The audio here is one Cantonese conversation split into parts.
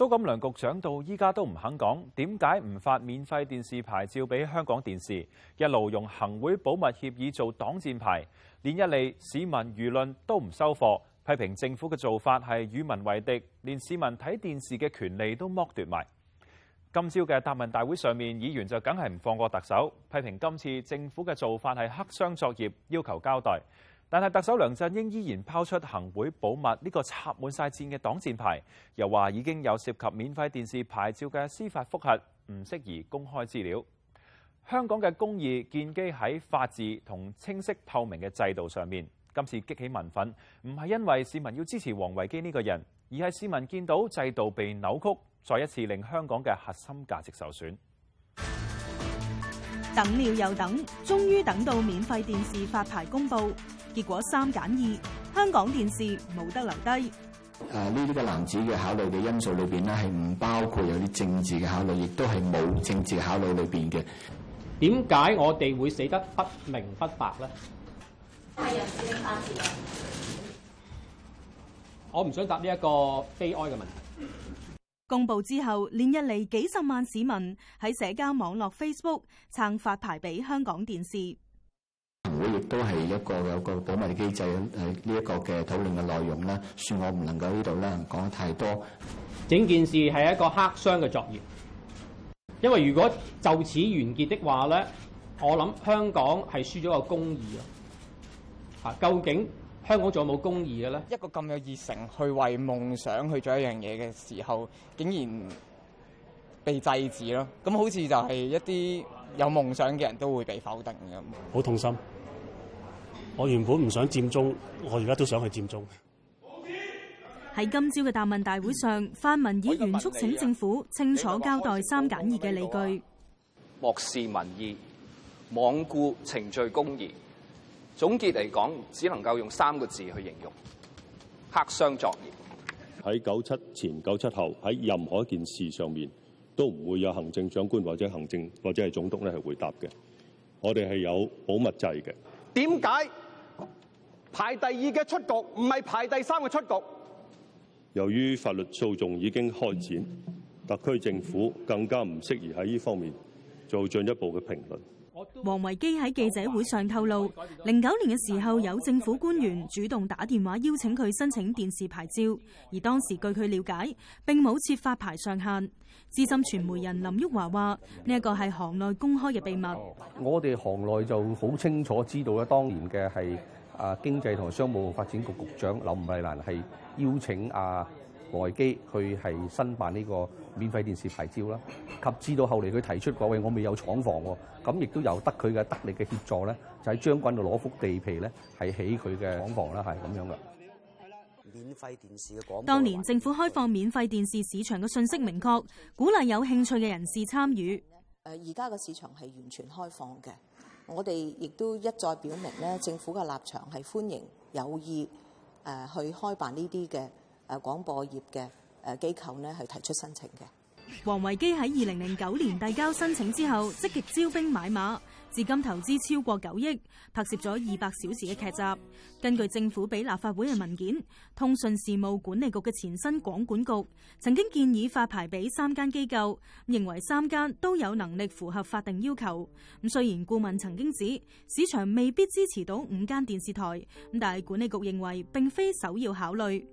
蘇錦樑局長到依家都唔肯講，點解唔發免費電視牌照俾香港電視，一路用行會保密協議做擋箭牌，連一嚟市民輿論都唔收貨，批評政府嘅做法係與民為敵，連市民睇電視嘅權利都剝奪埋。今朝嘅答問大會上面，議員就梗係唔放過特首，批評今次政府嘅做法係黑箱作業，要求交代。但係特首梁振英依然拋出行會保密呢個插滿晒箭嘅擋箭牌，又話已經有涉及免費電視牌照嘅司法覆核唔適宜公開資料。香港嘅公義建基喺法治同清晰透明嘅制度上面。今次激起民憤，唔係因為市民要支持王維基呢個人，而係市民見到制度被扭曲，再一次令香港嘅核心價值受損。等了又等，終於等到免費電視發牌公布，結果三揀二，香港電視冇得留低。誒、啊，呢個男子嘅考慮嘅因素裏邊咧，係唔包括有啲政治嘅考慮，亦都係冇政治嘅考慮裏邊嘅。點解我哋會死得不明不白咧？係人我唔想答呢一個悲哀嘅問題。嗯公布之後，連日嚟幾十萬市民喺社交網絡 Facebook 撐發牌俾香港電視。會亦都係一個有個保密機制，係呢一個嘅討論嘅內容啦。算我唔能夠呢度啦，講得太多。整件事係一個黑箱嘅作業，因為如果就此完結的話咧，我諗香港係輸咗個公義啊。嚇，究竟？香港仲有冇公義嘅咧？一個咁有熱誠去為夢想去做一樣嘢嘅時候，竟然被制止咯。咁好似就係一啲有夢想嘅人都會被否定咁。好痛心！我原本唔想佔中，我而家都想去佔中。喺今朝嘅答問大會上，泛民議員促請政府清楚交代三揀二嘅理據。漠視民意，罔顧程序公義。總結嚟講，只能夠用三個字去形容：黑箱作業。喺九七前、九七後，喺任何一件事上面，都唔會有行政長官或者行政或者係總督咧係回答嘅。我哋係有保密制嘅。點解排第二嘅出局唔係排第三嘅出局？由於法律訴訟已經開展，特區政府更加唔適宜喺呢方面做進一步嘅評論。王維基喺記者會上透露，零九年嘅時候有政府官員主動打電話邀請佢申請電視牌照，而當時據佢了解，並冇設發牌上限。資深傳媒人林旭華話：呢一個係行內公開嘅秘密。我哋行內就好清楚知道咧，當年嘅係啊經濟同商務發展局局長林慧蘭係邀請啊。外機去係申辦呢個免費電視牌照啦，及至到後嚟佢提出各位，我未有廠房喎，咁亦都有得佢嘅得力嘅協助咧，就喺將軍度攞幅地皮咧，係起佢嘅廠房啦，係咁樣嘅。係啦，免費電視嘅廣告。當年政府開放免費電視市場嘅信息明確，鼓勵有興趣嘅人士參與。誒，而家個市場係完全開放嘅，我哋亦都一再表明咧，政府嘅立場係歡迎有意誒去開辦呢啲嘅。誒廣播業嘅誒機構咧，係提出申請嘅。王維基喺二零零九年遞交申請之後，積極招兵買馬，至今投資超過九億，拍攝咗二百小時嘅劇集。根據政府俾立法會嘅文件，通訊事務管理局嘅前身廣管局曾經建議發牌俾三間機構，認為三間都有能力符合法定要求。咁雖然顧問曾經指市場未必支持到五間電視台，但係管理局認為並非首要考慮。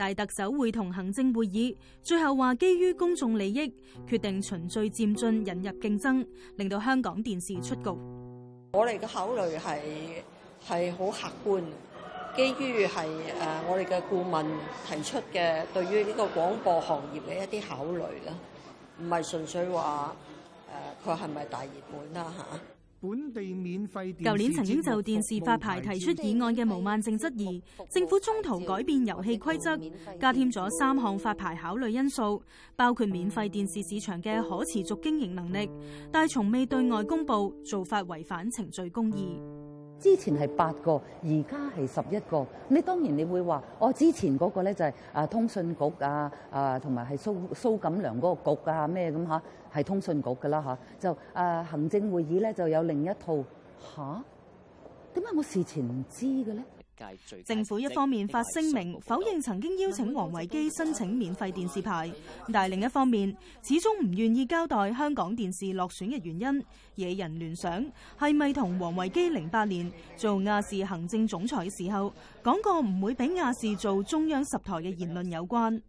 大特首會同行政會議最後話，基於公眾利益，決定循序漸進引入競爭，令到香港電視出局。我哋嘅考慮係係好客觀，基於係誒我哋嘅顧問提出嘅對於呢個廣播行業嘅一啲考慮啦，唔係純粹話誒佢係咪大熱門啦吓。啊本地免費電視。舊年曾經就電視發牌提出議案嘅毛孟靜質疑，政府中途改變遊戲規則，加添咗三項發牌考慮因素，包括免費電視市場嘅可持續經營能力，但從未對外公佈，做法違反程序公義。之前係八個，而家係十一個。你當然你會話，我、哦、之前嗰個咧就係，是，啊，通訊局啊，啊同埋係蘇蘇錦良嗰個局啊咩咁嚇，係、啊、通訊局噶啦嚇。就啊，行政會議咧就有另一套嚇，點、啊、解我事前唔知嘅咧？政府一方面發聲明否認曾經邀請王維基申請免費電視牌，但係另一方面始終唔願意交代香港電視落選嘅原因，惹人聯想係咪同王維基零八年做亞視行政總裁嘅時候講過唔會俾亞視做中央十台嘅言論有關？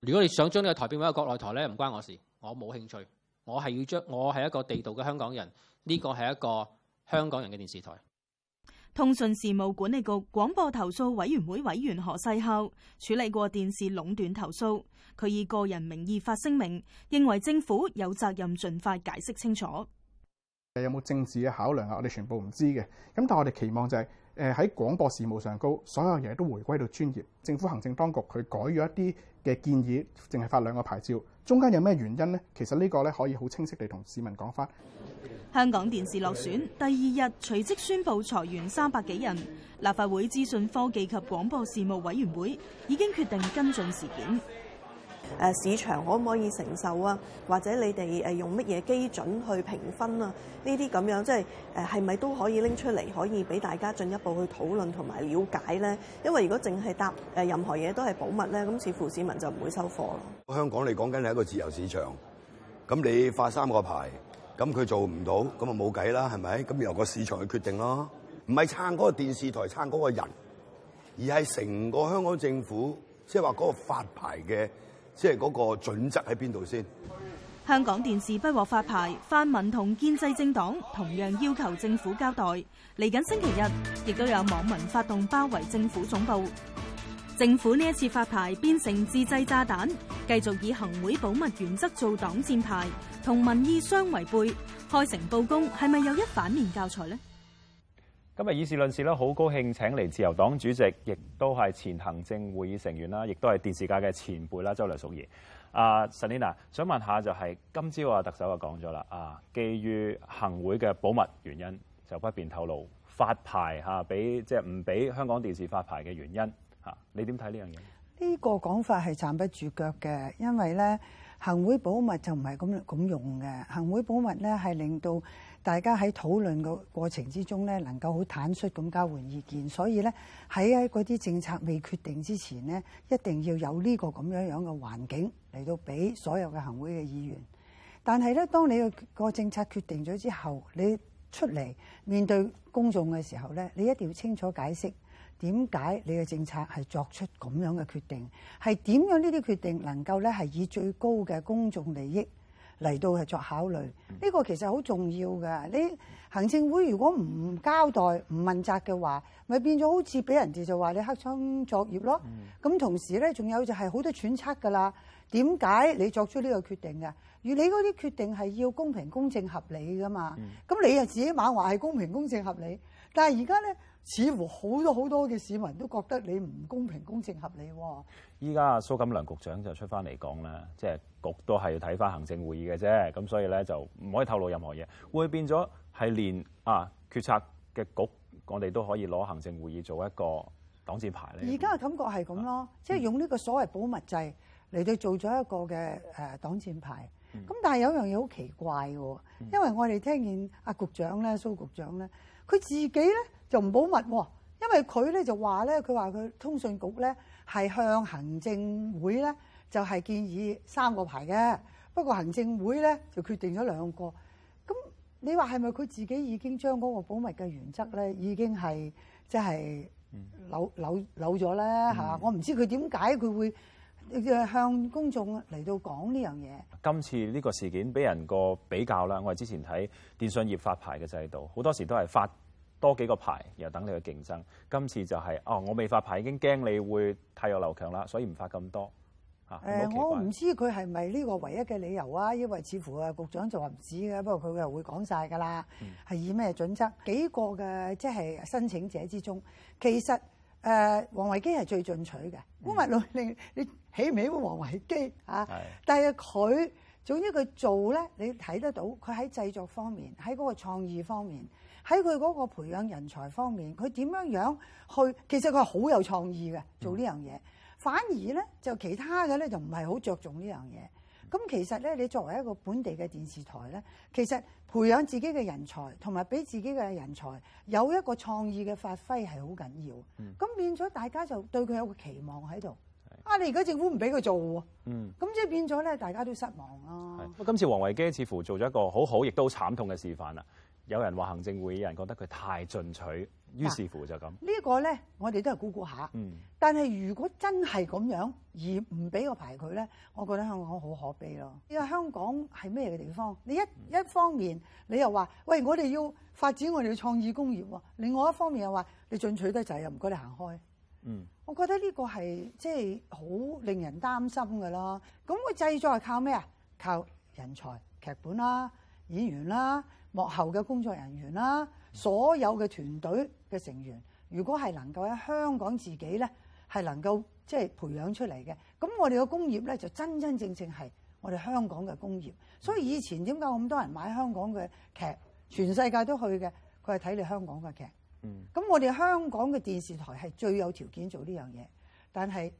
如果你想將呢個台變為一個國內台呢，唔關我事，我冇興趣，我係要將我係一個地道嘅香港人，呢個係一個香港人嘅電視台。通訊事務管理局，廣播投訴委員會委員何世孝處理過電視壟斷投訴，佢以個人名義發聲明，認為政府有責任盡快解釋清楚。有冇政治嘅考量啊？我哋全部唔知嘅，咁但我哋期望就係、是。誒喺廣播事務上高，所有嘢都回歸到專業。政府行政當局佢改咗一啲嘅建議，淨係發兩個牌照，中間有咩原因呢？其實呢個咧可以好清晰地同市民講翻。香港電視落選第二日，隨即宣布裁員三百幾人。立法會資訊科技及廣播事務委員會已經決定跟進事件。市場可唔可以承受啊？或者你哋用乜嘢基準去評分啊？呢啲咁樣即係係咪都可以拎出嚟，可以俾大家進一步去討論同埋了解咧？因為如果淨係答任何嘢都係保密咧，咁似乎市民就唔會收貨咯。香港你講緊係一個自由市場，咁你發三個牌，咁佢做唔到，咁啊冇計啦，係咪？咁由個市場去決定咯，唔係撐嗰個電視台撐嗰個人，而係成個香港政府，即係話嗰個發牌嘅。即係嗰個準則喺邊度先？香港電視不獲發牌，泛民同建制政黨同樣要求政府交代。嚟緊星期日，亦都有網民發動包圍政府總部。政府呢一次發牌變成自製炸彈，繼續以行會保密原則做擋箭牌，同民意相違背，開誠布公，係咪有一反面教材呢？今日議事論事啦，好高興請嚟自由黨主席，亦都係前行政會議成員啦，亦都係電視界嘅前輩啦，周梁淑怡。啊，陳燕娜想問一下就係、係、今朝啊，特首就講咗啦，啊，基於行會嘅保密原因就不便透露發牌嚇俾、啊、即係唔俾香港電視發牌嘅原因嚇，你點睇呢樣嘢？呢、呢個講法係站不住腳嘅，因為咧。行會保密就唔係咁咁用嘅。行會保密咧，係令到大家喺討論個過程之中咧，能夠好坦率咁交換意見。所以咧喺嗰啲政策未決定之前咧，一定要有呢個咁樣樣嘅環境嚟到俾所有嘅行會嘅議員。但係咧，當你個個政策決定咗之後，你出嚟面對公眾嘅時候咧，你一定要清楚解釋。點解你嘅政策係作出咁樣嘅決定？係點樣呢啲決定能夠咧係以最高嘅公眾利益嚟到係作考慮？呢、這個其實好重要㗎。你行政會如果唔交代、唔問責嘅話，咪變咗好似俾人哋就話你黑箱作業咯。咁、嗯、同時咧，仲有就係好多揣測㗎啦。點解你作出呢個決定㗎？而你嗰啲決定係要公平、公正、合理㗎嘛？咁你又自己猛話係公平、公正、合理，但係而家咧。似乎好多好多嘅市民都覺得你唔公平、公正、合理喎。依家，蘇錦良局長就出翻嚟講啦，即係局都係要睇翻行政會議嘅啫，咁所以咧就唔可以透露任何嘢，會變咗係連啊決策嘅局，我哋都可以攞行政會議做一個擋箭牌咧。而家嘅感覺係咁咯，即係用呢個所謂保密制嚟到做咗一個嘅誒擋箭牌。咁、嗯、但係有樣嘢好奇怪，因為我哋聽見阿局長咧、蘇局長咧，佢自己咧。就唔保密喎，因為佢咧就話咧，佢話佢通訊局咧係向行政會咧就係建議三個牌嘅，不過行政會咧就決定咗兩個，咁你話係咪佢自己已經將嗰個保密嘅原則咧已經係就係、即係、扭、嗯、扭扭咗咧吓，我唔知佢點解佢會向公眾嚟到講呢樣嘢。今次呢個事件俾人個比較啦，我哋之前睇電信業發牌嘅制度，好多時都係發。多幾個牌又等你去競爭，今次就係、是、哦，我未發牌已經驚你會汰弱留強啦，所以唔發咁多、啊嗯、我唔知佢係咪呢個唯一嘅理由啊，因為似乎啊局長就話唔止嘅，不過佢又會講晒㗎啦，係、嗯、以咩準則？幾個嘅即係申請者之中，其實誒王、呃、維基係最進取嘅，烏麥令你起唔起歡王維基啊？但係佢，總之佢做咧，你睇得到佢喺製作方面，喺嗰個創意方面。喺佢嗰個培養人才方面，佢點樣樣去？其實佢係好有創意嘅做呢樣嘢。嗯、反而咧，就其他嘅咧就唔係好着重呢樣嘢。咁、嗯、其實咧，你作為一個本地嘅電視台咧，其實培養自己嘅人才同埋俾自己嘅人才有一個創意嘅發揮係好緊要。咁、嗯、變咗大家就對佢有一個期望喺度。啊，你而家政府唔俾佢做喎，咁即係變咗咧，大家都失望啦。今次王維基似乎做咗一個好好亦都慘痛嘅示範啦。有人話行政會議有人覺得佢太進取，於是乎就咁、這個、呢個咧，我哋都係估估下。嗯，但係如果真係咁樣而唔俾個牌佢咧，我覺得香港好可悲咯。因為香港係咩嘅地方？你一、嗯、一方面你又話喂，我哋要發展我哋嘅創意工業，另外一方面又話你進取得滯，又唔該你行開。嗯，我覺得呢個係即係好令人擔心嘅啦。咁個製作係靠咩啊？靠人才、劇本啦、演員啦。幕後嘅工作人員啦，所有嘅團隊嘅成員，如果係能夠喺香港自己呢，係能夠即係培養出嚟嘅，咁我哋嘅工業呢，就真真正正係我哋香港嘅工業。所以以前點解咁多人買香港嘅劇，全世界都去嘅，佢係睇你香港嘅劇。嗯，咁我哋香港嘅電視台係最有條件做呢樣嘢，但係。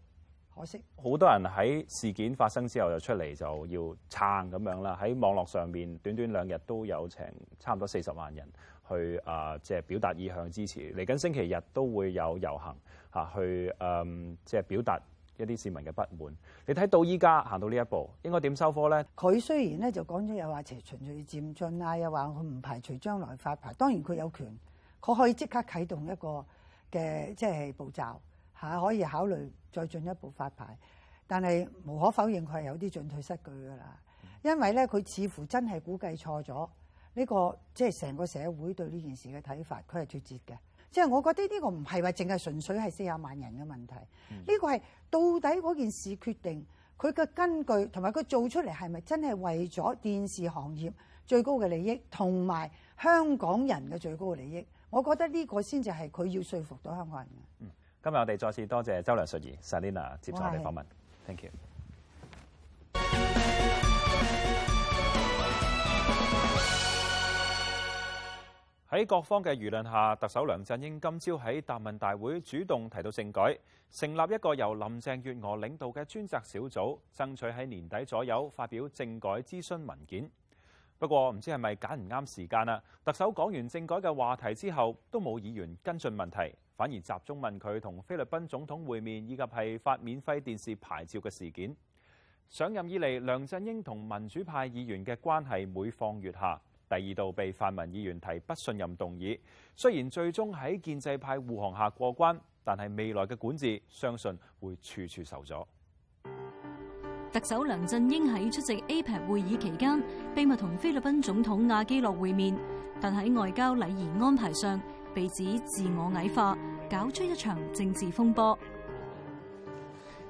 可惜好多人喺事件發生之後就出嚟就要撐咁樣啦，喺網絡上面短短兩日都有成差唔多四十萬人去啊、呃呃，即係表達意向支持。嚟緊星期日都會有遊行吓、啊、去嗯、呃、即係表達一啲市民嘅不滿，你睇到依家行到呢一步，應該點收科咧？佢雖然咧就講咗，又話斜循序漸進啊，又話佢唔排除將來發牌。當然佢有權，佢可以即刻啟動一個嘅即係步驟。吓，可以考慮再進一步發牌，但係無可否認佢係有啲進退失據㗎啦。因為咧，佢似乎真係估計錯咗呢個，即係成個社會對呢件事嘅睇法，佢係脫節嘅。即係我覺得呢個唔係話淨係純粹係四十萬人嘅問題，呢個，嗯，係到底嗰件事決定佢嘅根據，同埋佢做出嚟係咪真係為咗電視行業最高嘅利益，同埋香港人嘅最高嘅利益？我覺得呢個先至係佢要說服到香港人嘅。嗯今日我哋再次多謝周梁淑怡、Selina 接受我哋訪問。Thank you。喺各方嘅輿論下，特首梁振英今朝喺答問大會主動提到政改，成立一個由林鄭月娥領導嘅專責小組，爭取喺年底左右發表政改諮詢文件。不過唔知係咪揀唔啱時間啦。特首講完政改嘅話題之後，都冇議員跟進問題，反而集中問佢同菲律賓總統會面以及係發免費電視牌照嘅事件。上任以嚟，梁振英同民主派議員嘅關係每況愈下，第二度被泛民議員提不信任動議。雖然最終喺建制派護航下過關，但係未來嘅管治相信會處處受阻。特首梁振英喺出席 APEC 會議期間，秘密同菲律賓總統阿基諾會面，但喺外交禮儀安排上被指自我矮化，搞出一場政治風波。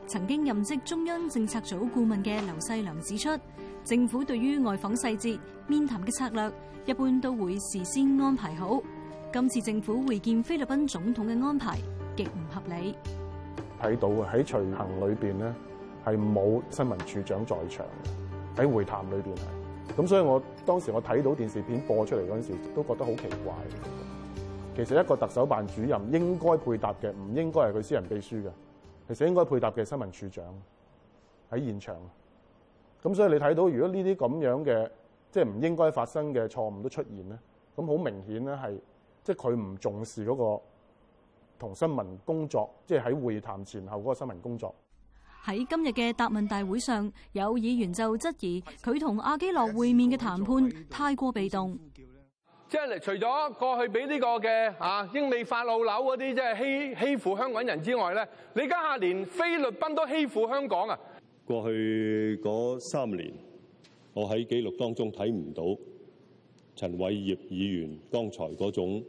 曾經任職中央政策組顧問嘅劉細良指出，政府對於外訪細節、面談嘅策略，一般都會事先安排好。今次政府會見菲律賓總統嘅安排極唔合理。睇到啊，喺隨行裏邊咧。係冇新聞處長在場嘅，喺會談裏邊係，咁所以我當時我睇到電視片播出嚟嗰陣時，都覺得好奇怪。其實一個特首辦主任應該配搭嘅，唔應該係佢私人秘書嘅，其實應該配搭嘅新聞處長喺現場。咁所以你睇到，如果呢啲咁樣嘅即係唔應該發生嘅錯誤都出現咧，咁好明顯咧係即係佢唔重視嗰個同新聞工作，即係喺會談前後嗰個新聞工作。喺今日嘅答問大會上，有議員就質疑佢同阿基諾會面嘅談判太過被動，即係嚟除咗過去俾呢個嘅啊英美法老樓嗰啲，即係欺欺負香港人之外咧，你家下連菲律賓都欺負香港啊！過去嗰三年，我喺記錄當中睇唔到陳偉業議員剛才嗰種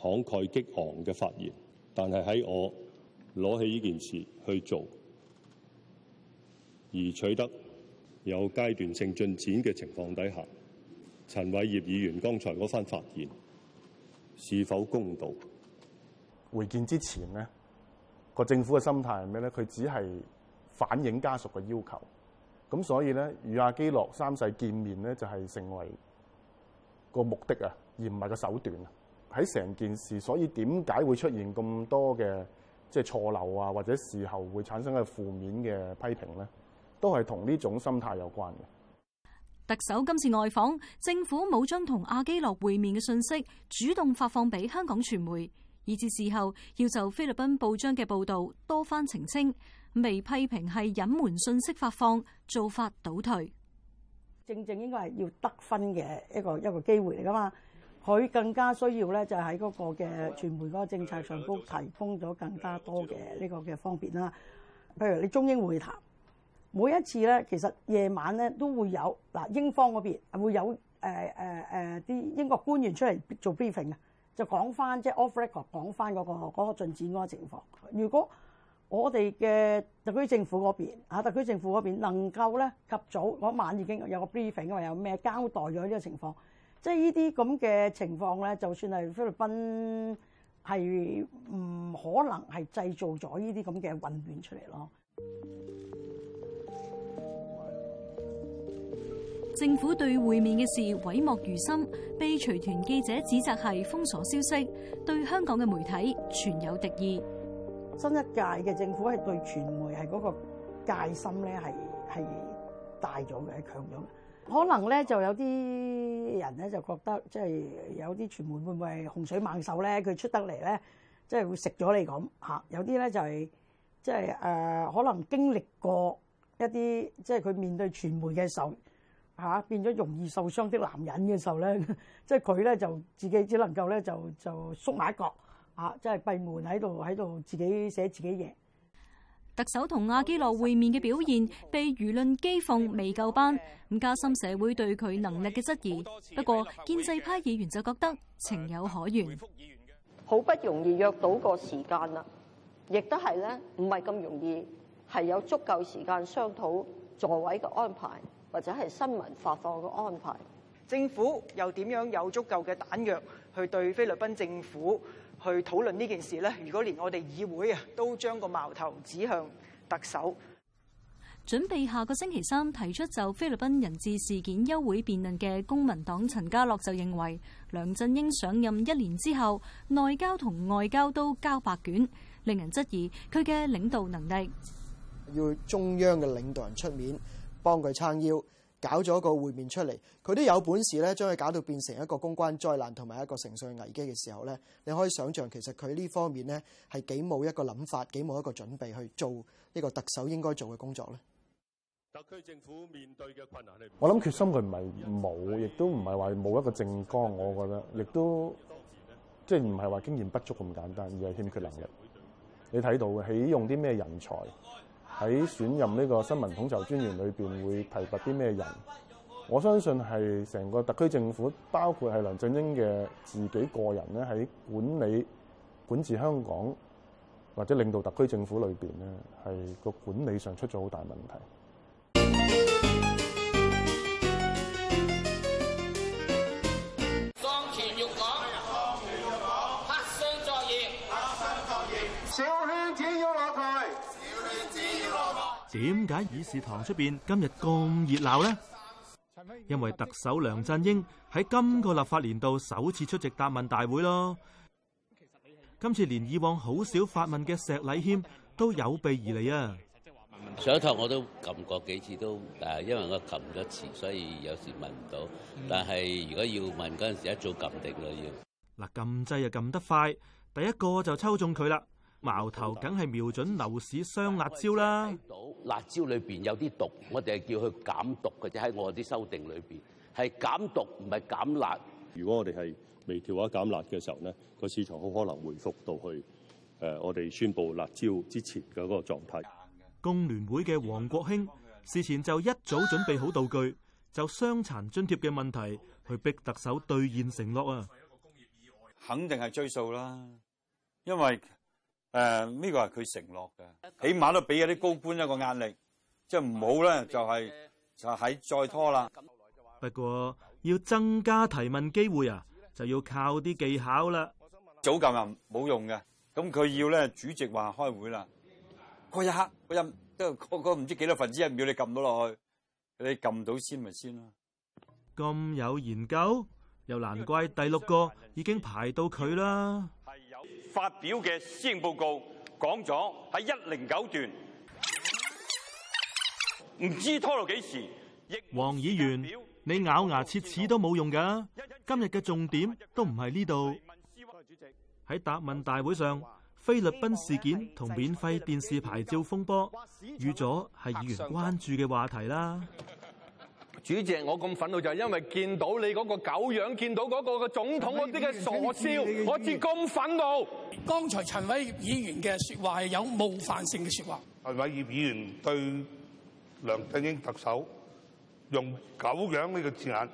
慷慨激昂嘅發言，但係喺我攞起呢件事去做。而取得有階段性進展嘅情況底下，陳偉業議員剛才嗰番發言是否公道？會見之前咧，個政府嘅心態係咩咧？佢只係反映家屬嘅要求，咁所以咧與阿基諾三世見面咧就係成為個目的啊，而唔係個手段啊。喺成件事，所以點解會出現咁多嘅即係錯漏啊，或者事後會產生嘅負面嘅批評咧？都係同呢種心態有關嘅。特首今次外訪，政府冇將同阿基諾會面嘅信息主動發放俾香港傳媒，以致事後要就菲律賓報章嘅報導多番澄清，未批評係隱瞞信息發放做法倒退。正正應該係要得分嘅一個一個機會嚟㗎嘛？佢更加需要咧，就喺嗰個嘅傳媒嗰個政策上都提供咗更加多嘅呢個嘅方便啦。譬如你中英會談。每一次咧，其實夜晚咧都會有嗱，英方嗰邊會有誒誒誒啲英國官員出嚟做 briefing 嘅，就講翻即係 off record 講翻嗰個嗰、嗰個進展嗰個情況。如果我哋嘅特區政府嗰邊特區政府嗰邊能夠咧及早嗰、嗰個、晚已經有個 briefing，或者有咩交代咗呢個情況，即係呢啲咁嘅情況咧，就算係菲律賓係唔可能係製造咗呢啲咁嘅混亂出嚟咯。政府對會面嘅事諱莫如深，被隨團記者指責係封鎖消息，對香港嘅媒體存有敵意。新一屆嘅政府係對傳媒係嗰個戒心咧係係大咗嘅，強咗。可能咧就有啲人咧就覺得，即係有啲傳媒會唔會洪水猛獸咧？佢出得嚟咧，即係會食咗你咁吓。有啲咧就係即係誒，可能經歷過一啲，即係佢面對傳媒嘅時候。嚇變咗容易受傷的男人嘅時候咧，即係佢咧就自己只能夠咧就就縮埋一角嚇，即係閉門喺度喺度自己寫自己嘢。特首同阿基諾會面嘅表現被輿論譏諷未夠班，咁加深社會對佢能力嘅質疑。不過建制派議員就覺得情有可原。好不容易約到個時間啦，亦都係咧唔係咁容易，係有足夠時間商討座位嘅安排。或者係新聞發放嘅安排，政府又點樣有足夠嘅彈藥去對菲律賓政府去討論呢件事呢？如果連我哋議會啊，都將個矛頭指向特首，準備下個星期三提出就菲律賓人質事件休會辯論嘅公民黨陳家洛就認為，梁振英上任一年之後，內交同外交都交白卷，令人質疑佢嘅領導能力。要中央嘅領導人出面。幫佢撐腰，搞咗個會面出嚟，佢都有本事咧，將佢搞到變成一個公關災難同埋一個誠信危機嘅時候咧，你可以想象其實佢呢方面咧係幾冇一個諗法，幾冇一個準備去做呢個特首應該做嘅工作咧。特區政府面對嘅困難的，我諗決心佢唔係冇，亦都唔係話冇一個政綱，我覺得，亦都即係唔係話經驗不足咁簡單，而係欠缺能力。你睇到起用啲咩人才？喺選任呢個新聞統籌專員裏邊會提拔啲咩人？我相信係成個特區政府，包括係梁振英嘅自己個人咧，喺管理管治香港或者領導特區政府裏邊咧，係個管理上出咗好大問題。點解議事堂出邊今日咁熱鬧咧？因為特首梁振英喺今個立法年度首次出席答問大會咯。今次連以往好少發問嘅石禮謙都有備而嚟啊！上一堂我都撳過幾次都，都誒，因為我撳得遲，所以有時問唔到。但係如果要問嗰陣時，一早撳定咯要。嗱，撳掣，又撳得快，第一個就抽中佢啦。矛頭梗係瞄準樓市雙辣椒啦。辣椒裏邊有啲毒，我哋係叫佢減毒或者喺我啲修訂裏邊係減毒，唔係減辣。如果我哋係微調下減辣嘅時候咧，個市場好可能回復到去誒，我哋宣布辣椒之前嘅嗰個狀態。工聯會嘅王國興事前就一早準備好道具，就傷殘津貼嘅問題去逼特首兌現承諾啊。肯定係追數啦，因為。誒、呃，呢、這個係佢承諾嘅，起碼都俾嗰啲高官一個壓力，即係唔好咧就係、是、就喺、是、再拖啦。不過要增加提問機會啊，就要靠啲技巧啦。早撳又冇用嘅，咁佢要咧主席話開會啦，嗰一刻嗰一都嗰嗰唔知幾多分之一秒你撳到落去，你撳到先咪先啦。咁有研究，又難怪第六個已經排到佢啦。發表嘅施政報告講咗喺一零九段，唔知拖到幾時。王議員，你咬牙切齒都冇用㗎。今日嘅重點都唔係呢度。主席，喺答問大會上，菲律賓事件同免費電視牌照風波，預咗係議員關注嘅話題啦。主席，我咁憤怒就係因為見到你嗰個狗樣，見到嗰個嘅總統嗰啲嘅傻笑，我至咁憤怒。剛才陳偉業議員嘅説話係有冒犯性嘅説話。陳偉業議員對梁振英特首用狗樣呢個字眼，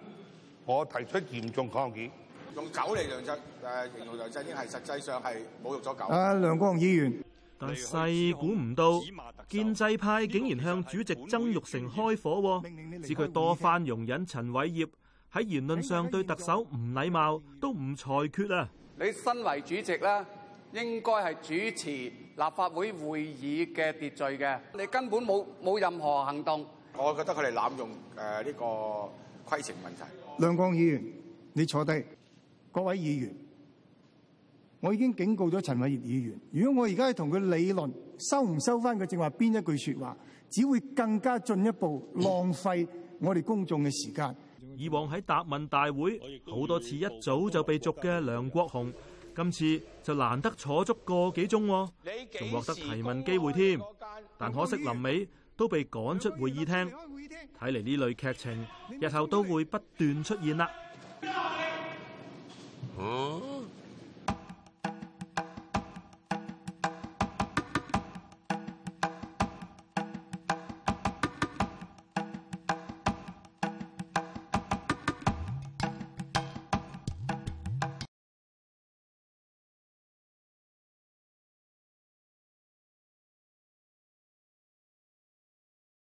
我提出嚴重抗議。用狗嚟梁振誒形容梁振英，係實際上係侮辱咗狗。啊，梁國雄議員。但細估唔到建制派竟然向主席曾鈺成開火，指佢多番容忍陳偉業喺言論上對特首唔禮貌，都唔裁決啊！你身為主席啦，應該係主持立法會會議嘅秩序嘅，你根本冇冇任何行動。我覺得佢哋濫用誒呢個規程問題。梁國雄議員，你坐低。各位議員。我已經警告咗陳偉業議員，如果我而家係同佢理論，收唔收翻佢正話邊一句説話，只會更加進一步浪費我哋公眾嘅時間。以往喺答問大會好多次一早就被逐嘅梁國雄，今次就難得坐足個幾鐘，仲獲得提問機會添。但可惜臨尾都被趕出會議廳，睇嚟呢類劇情日後都會不斷出現啦。